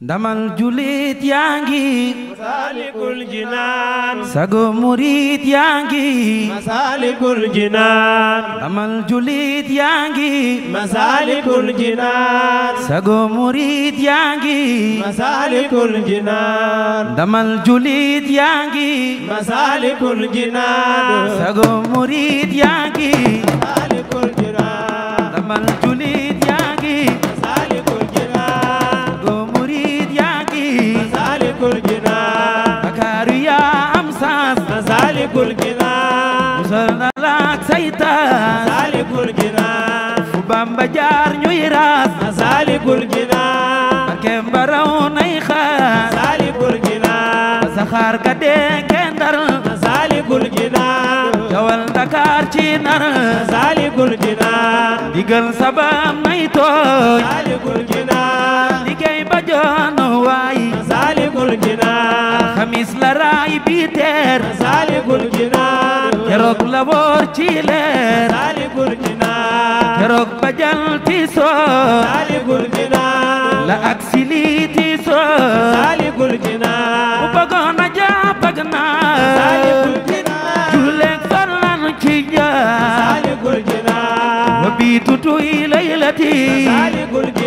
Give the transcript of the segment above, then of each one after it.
ndamal julit yaa ngi masalikul jinaan sago murit yaa ngi masalikul jinaan ndamal julit yaa ngi masalikul jinaan sago murit yaa ngi masalikul jinaan ndamal julit yaa ngi masalikul jinaan sago murit yaa ngi masalikul jinaan ndamal julit yaa ngi salikul jinaan musal na laak saytaan salikul jinaan fu bamba jaar ñuy raas na salikul jinaan barkeem baraw nay xaar salikul jinaan saxaar ga denge ndar na salikul jinaan jawal ndakaar ci nar na salikul jinaan digal sabam nay tooñ salikul jinaan liggéey ba joon waay na salikul jinaan xamis la raay bi teer na salikul kaboor ci leer taali gurjina keroog bajal tiisoor taali gurjina la ak sili tiisoor taali gurjina bu bëggoon a jaa bëgg naa taali gurjina julleek far lanu ci jaa taali gurjina wa biitutu i laylati taali gurjina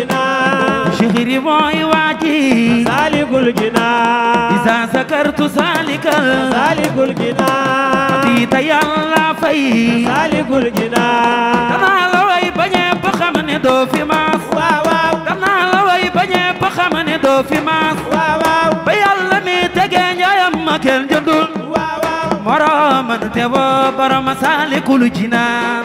zikri mooy waaji salikul jinaan isa sakartu salika salikul jinaan diita yàlla fay salikul jinaan danaa la way bañee ba xam ne doo maas waaw waaw danaa la way bañee ba xam ne doo fi maas waaw waaw ba yàlla mi tegee njaayam ma kenn jëndul waaw waaw moroomante woo borom salikul jinaan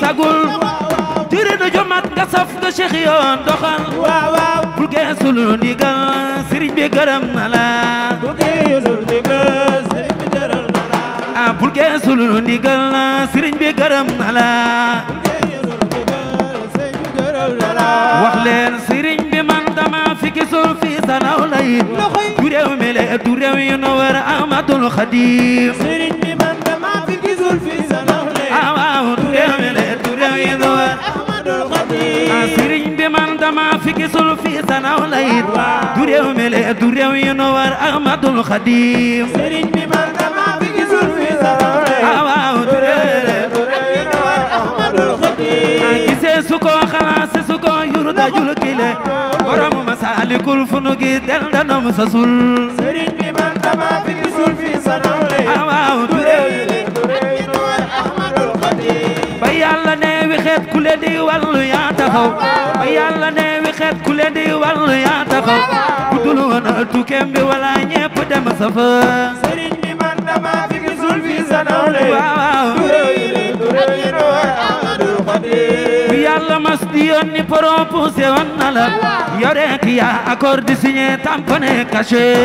sagul jëriñu ju mat nga saf nga doxal waaw waaw bu geesul ndigal sëriñ bi gërëm na la bu geesul ndigal sëriñ bi gërëm na la ah ndigal sëriñ bi gërëm bi man dama fi gisul fi sanaw lay du réew mi le du yu nu war Ahmadul Xadim sëriñ bi man dama fi gisul fi sanaw lay ah waaw du réew mi sëriñ bi man dama fi gisul fi sanaw layit du réew mi le du réew yi nu war Ahmadul Xadim sëriñ bi man dama fi gisul fi sanaw layit du réew du réew yi nu war Ahmadul Xadim gisee su ko xalaase su ko yuru dajul kile borom Masaalikul Funugi del danom sasul sëriñ bi man dama fi gisul fi sanaw layit yàlla ne wi xeet ku bi wala ñepp fi gisul fi sa nawle yore ki yaa accord di signé tamponné caché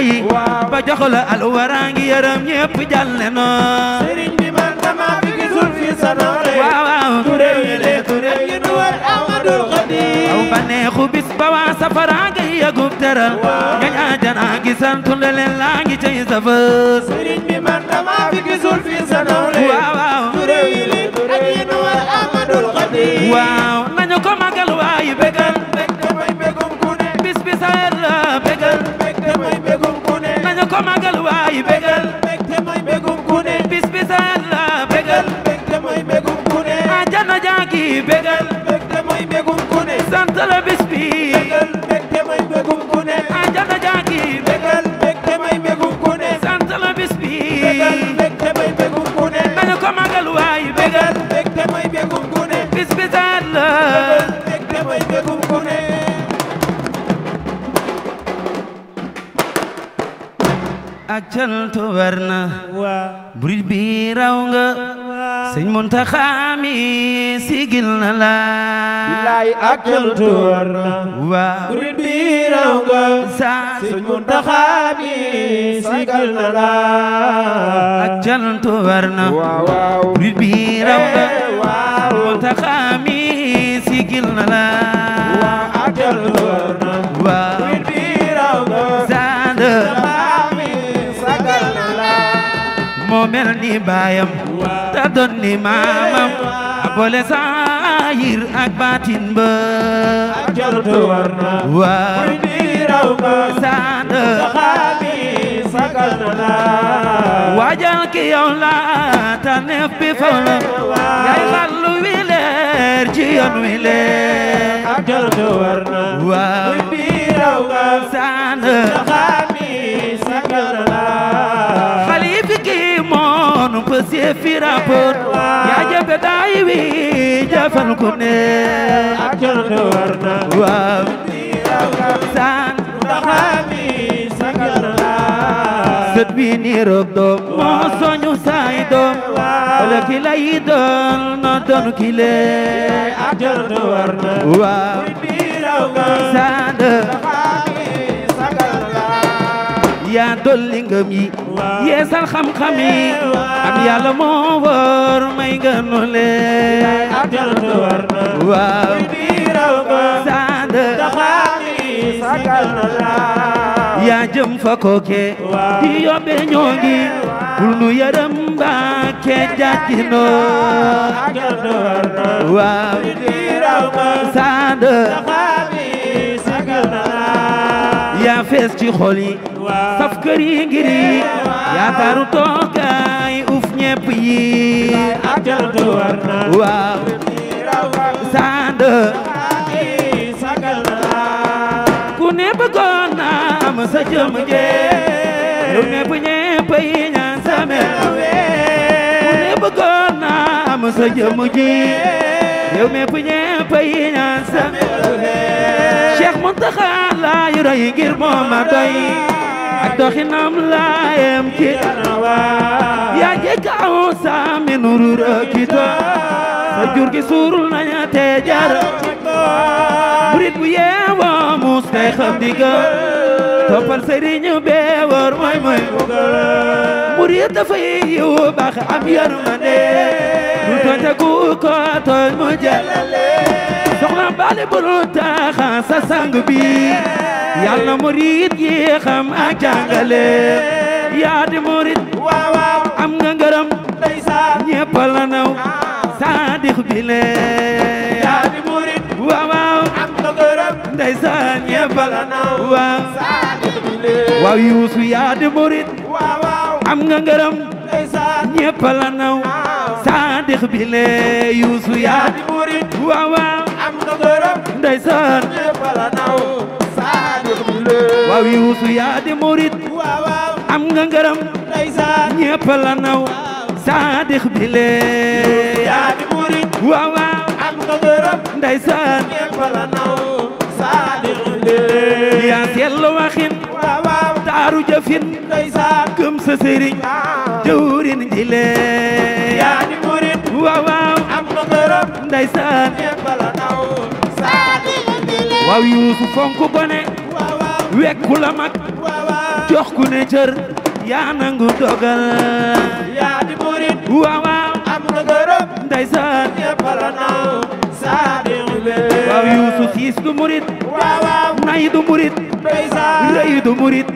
yi ba jox la alwara ngi yaram ñépp jàll ne noo sëriñ bi man dama fi gisul fi sanoore waaw waaw ture wele ture yi nu war amadul xadim aw baneexu bis ba waa safara ngi yëgub tëral ñañ ajana ngi santu le leen laa ngi cay safar sëriñ bi man dama fi gisul fi sanoore waaw waaw ture wele ture yi nu war amadul xadim waaw nañu ko magal waayi begal bi bégal mbégte mooy mbégum ku ne sant la bis bi bégal mbégte mooy mbégum ku ne ajana jaangi bégal mbégte mooy mbégum ku ne sant la bis bi bégal mbégte mooy mbégum ku ne nañu ko magal waay bégal mbégte mooy mbégum ku ne bis bi zaat la bégal mbégte mooy mbégum ku ne ak cant war na burit bi raw nga سين منتخامي سيجل لا لا أكل تور و بير أوغا إيه، سين منتخامي سيجل لا لا أكل تور و بير أوغا منتخامي سيجل لا لا أكل تور مو ملني بايم te donni maamam a boole saayir ak baatin ba ak jortu warna waa muy niiraw ba saada saxaabi sagal na la waajal ki yow la tànneef bi faw la yaay xallu wi leer ci yoon wi leer ak jortu warna waa muy niiraw ba saada sefira pon yaa jabe daay wi jafal ku ne ak jono warna waaw san taxami sagala sët bi ni roog doom moo soñu saay doom wala ki lay doon no doon ki le ak jono warna waaw san yaa dolli ngëm yi yeesal xam-xam yi am yàlla moo war may nga nu leen waaw saada yaa jëm fa kooke di yobbe ñoo ngi bul nu yërëm Mbàkke jàcci noo waaw saada yaa fees ci xol yi saf kër yi ngir yi yaa taaru uf ñepp yi ak jaratu war na waaw sand ku ne bëggoon na am sa jëm jee lu ñepp yi ñaan sa mel ku ne bëggoon na am sa jëm ji yow ñepp yi ñaan sa mel Cheikh Muntaxa laa ngir moom a doy ak doxinam laa yem ci yaa jekk aw saa mi nuru rëkkito jur gi suurul nañu te jar murit bu yeewoo muus tey xam digal toppal sëriñ be war mooy mooy dafay yiw baax am yërmande du tooñ te ku ko mu jàllale soxna baale bulu taaxa sa yàlla murid yi xam a jàngale yaa di murid waaw waaw am nga ngërëm ndeysaan ñépp la naw bi le yaa di yuusu yaa di murid waaw am nga ngërëm ndeysaan ñépp la naw bi le yuusu yaa di murid waaw ndeysaan ñeppala naw saadix bi le yaa di murit am nga ngërëm ndeysaan ñeppala naw saadix bi yaa di murit waaw waaw am nga ngërëm ndeysaan ñeppala naw saadix bi le yaa seetlu waxin taaru jëfin ndeysaan gëm sa jëwrin ji le yaa di murit waaw waaw am nga ngërëm ndeysaan ñeppala waaw yuusu fonk bone wekku la mag jox ku ne yaa nangu dogal yaa di murit waaw am na gërëm ndeysaan ñépp la naw saa di waaw yuusu siis du murit waaw nay du murit ndeysaan rëy du ah. di murit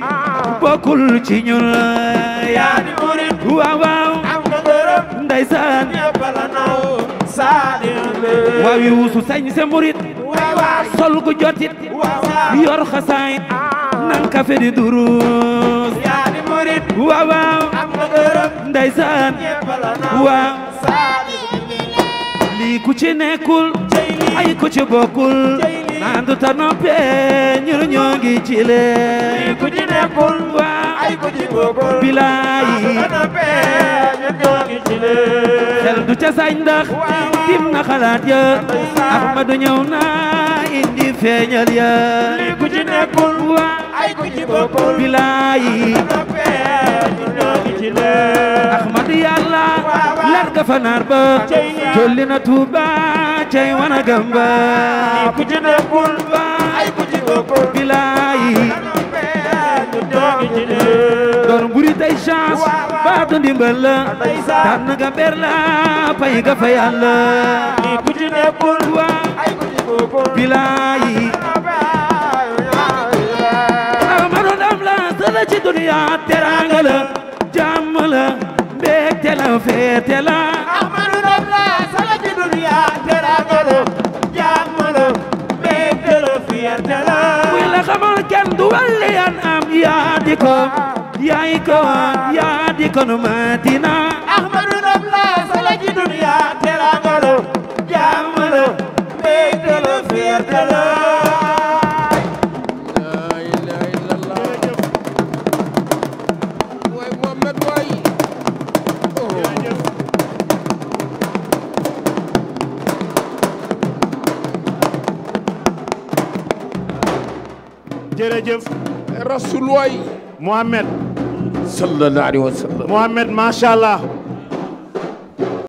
waaw am na gërëm ndeysaan ñépp la naw waaw yuusu sañ sa murit sol gu jotit yor xasaayit nan kafe di duruus yaa di murit waaw waaw ndeysaan waaw lii ku ci nekkul ay ku ci bokkul nandu ta noppee ñur ñoo ngi ci leen lii ku ci nekkul ay ku ci bilaayi xel du ca sañ ndax tim na xalaat ya Ahmadu ñëw na indi feeñal ya li ku ci nekkul ay ku ci bokkul bilaayi Ahmadu yàlla lar ga fanaar na Tuuba cay wana gamba li ku ay ku ci bokkul bilaayi door mburi tay chance baatu ndimbal la tànn nga ber la pay nga fa yàlla ku ci nekkul waa bilaayi amaro dam ci duniya teranga la jàmm la mbégte la féete la amaro la sala ci duniya teranga di ko yaay ko yaa di ko nu Madina ahmadu nam la sala ji duniya teraanga la jàmm la mbégte la fierté la محمد صلى الله عليه وسلم محمد ما شاء الله